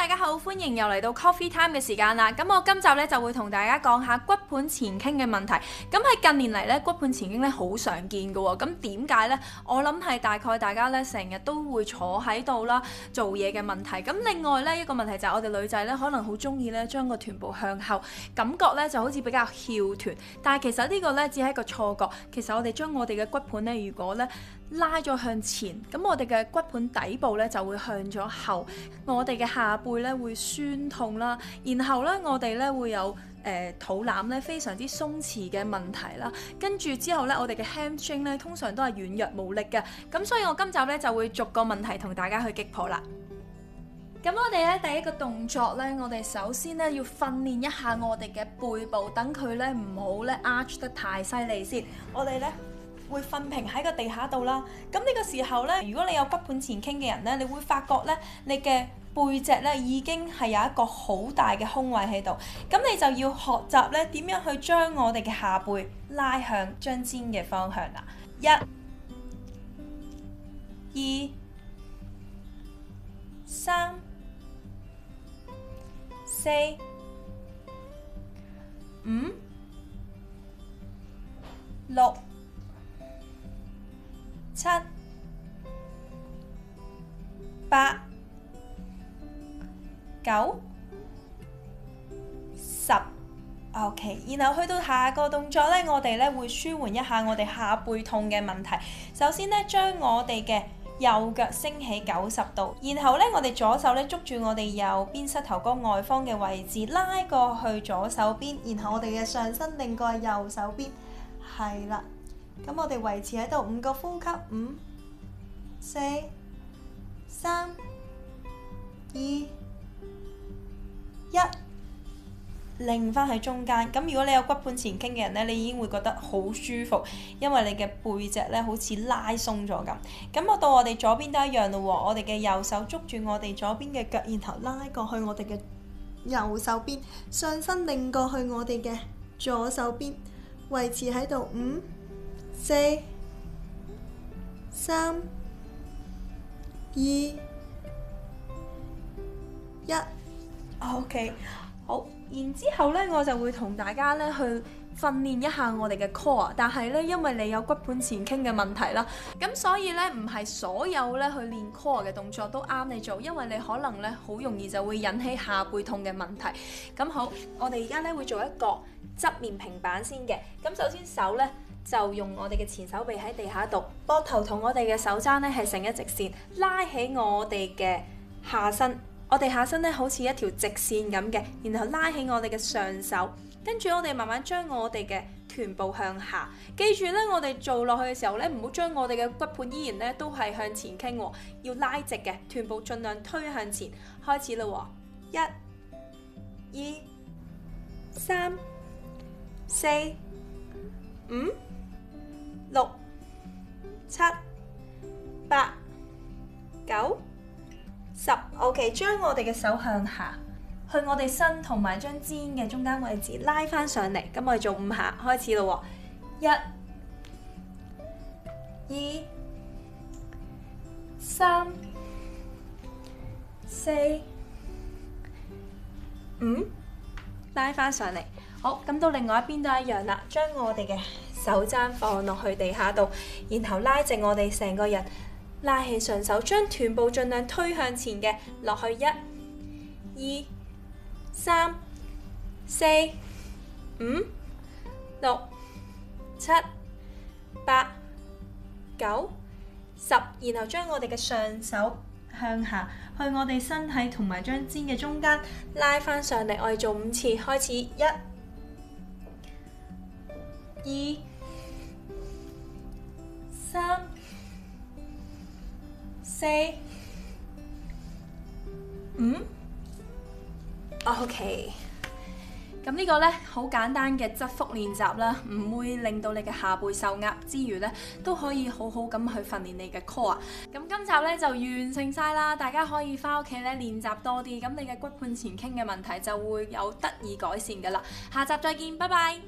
大家好，歡迎又嚟到 Coffee Time 嘅時間啦。咁我今集呢，就會同大家講下骨盆前傾嘅問題。咁喺近年嚟呢，骨盆前傾呢，好常見㗎喎。咁點解呢？我諗係大概大家呢，成日都會坐喺度啦，做嘢嘅問題。咁另外呢，一個問題就係我哋女仔呢，可能好中意呢，將個臀部向後，感覺呢就好似比較翹臀。但係其實呢個呢，只係一個錯覺。其實我哋將我哋嘅骨盆呢，如果呢……拉咗向前，咁我哋嘅骨盆底部呢就會向咗後，我哋嘅下背呢會酸痛啦，然後呢，我哋呢會有誒、呃、肚腩呢非常之鬆弛嘅問題啦，跟住之後呢，我哋嘅 hamstring 呢通常都係軟弱無力嘅，咁所以我今集呢就會逐個問題同大家去擊破啦。咁我哋呢第一個動作呢，我哋首先呢要訓練一下我哋嘅背部，等佢呢唔好呢 arch 得太犀利先，我哋呢。會瞓平喺個地下度啦，咁呢個時候呢，如果你有骨盆前傾嘅人呢，你會發覺呢，你嘅背脊呢已經係有一個好大嘅空位喺度，咁你就要學習呢點樣去將我哋嘅下背拉向張尖嘅方向啦，一、二、三、四、五、六。八、九、十，OK。然後去到下個動作呢，我哋呢會舒緩一下我哋下背痛嘅問題。首先呢，將我哋嘅右腳升起九十度，然後呢，我哋左手呢捉住我哋右邊膝頭哥外方嘅位置，拉過去左手邊，然後我哋嘅上身擰過右手邊，係啦。咁我哋維持喺度五個呼吸，五、四。三、二、一，擰翻喺中間。咁如果你有骨盆前傾嘅人呢，你已經會覺得好舒服，因為你嘅背脊呢好似拉鬆咗咁。咁我到我哋左邊都一樣咯。我哋嘅右手捉住我哋左邊嘅腳，然後拉過去我哋嘅右手邊，上身擰過去我哋嘅左手邊，維持喺度五、四、三，二一，OK，好。然之後呢，我就會同大家呢去訓練一下我哋嘅 core。但係呢，因為你有骨盆前傾嘅問題啦，咁所以呢，唔係所有呢去練 core 嘅動作都啱你做，因為你可能呢好容易就會引起下背痛嘅問題。咁好，我哋而家呢會做一個側面平板先嘅。咁首先手呢，就用我哋嘅前手臂喺地下度，膊頭同我哋嘅手踭呢係成一直線，拉起我哋嘅下身，我哋下身呢好似一條直線咁嘅，然後拉起我哋嘅上手，跟住我哋慢慢將我哋嘅臀部向下，記住呢，我哋做落去嘅時候呢，唔好將我哋嘅骨盆依然呢都係向前傾，要拉直嘅，臀部盡量推向前，開始啦喎，一、二、三、四、五。六、七、八、九、十，OK。將我哋嘅手向下，去我哋身同埋張肩嘅中間位置拉翻上嚟。咁我哋做五下，開始咯喎。一、二、三、四、五，拉翻上嚟。好咁，到另外一邊都一樣啦。將我哋嘅手踭放落去地下度，然後拉直我哋成個人，拉起上手，將臀部盡量推向前嘅落去，一、二、三、四、五、六、七、八、九、十，然後將我哋嘅上手向下，去我哋身體同埋將肩嘅中間拉翻上嚟。我哋做五次，開始一。1、二、三、四、五。OK。咁呢個呢，好簡單嘅側腹練習啦，唔會令到你嘅下背受壓之餘呢，都可以好好咁去訓練你嘅 core。咁今集呢就完成晒啦，大家可以翻屋企呢練習多啲，咁你嘅骨盆前傾嘅問題就會有得以改善噶啦。下集再見，拜拜。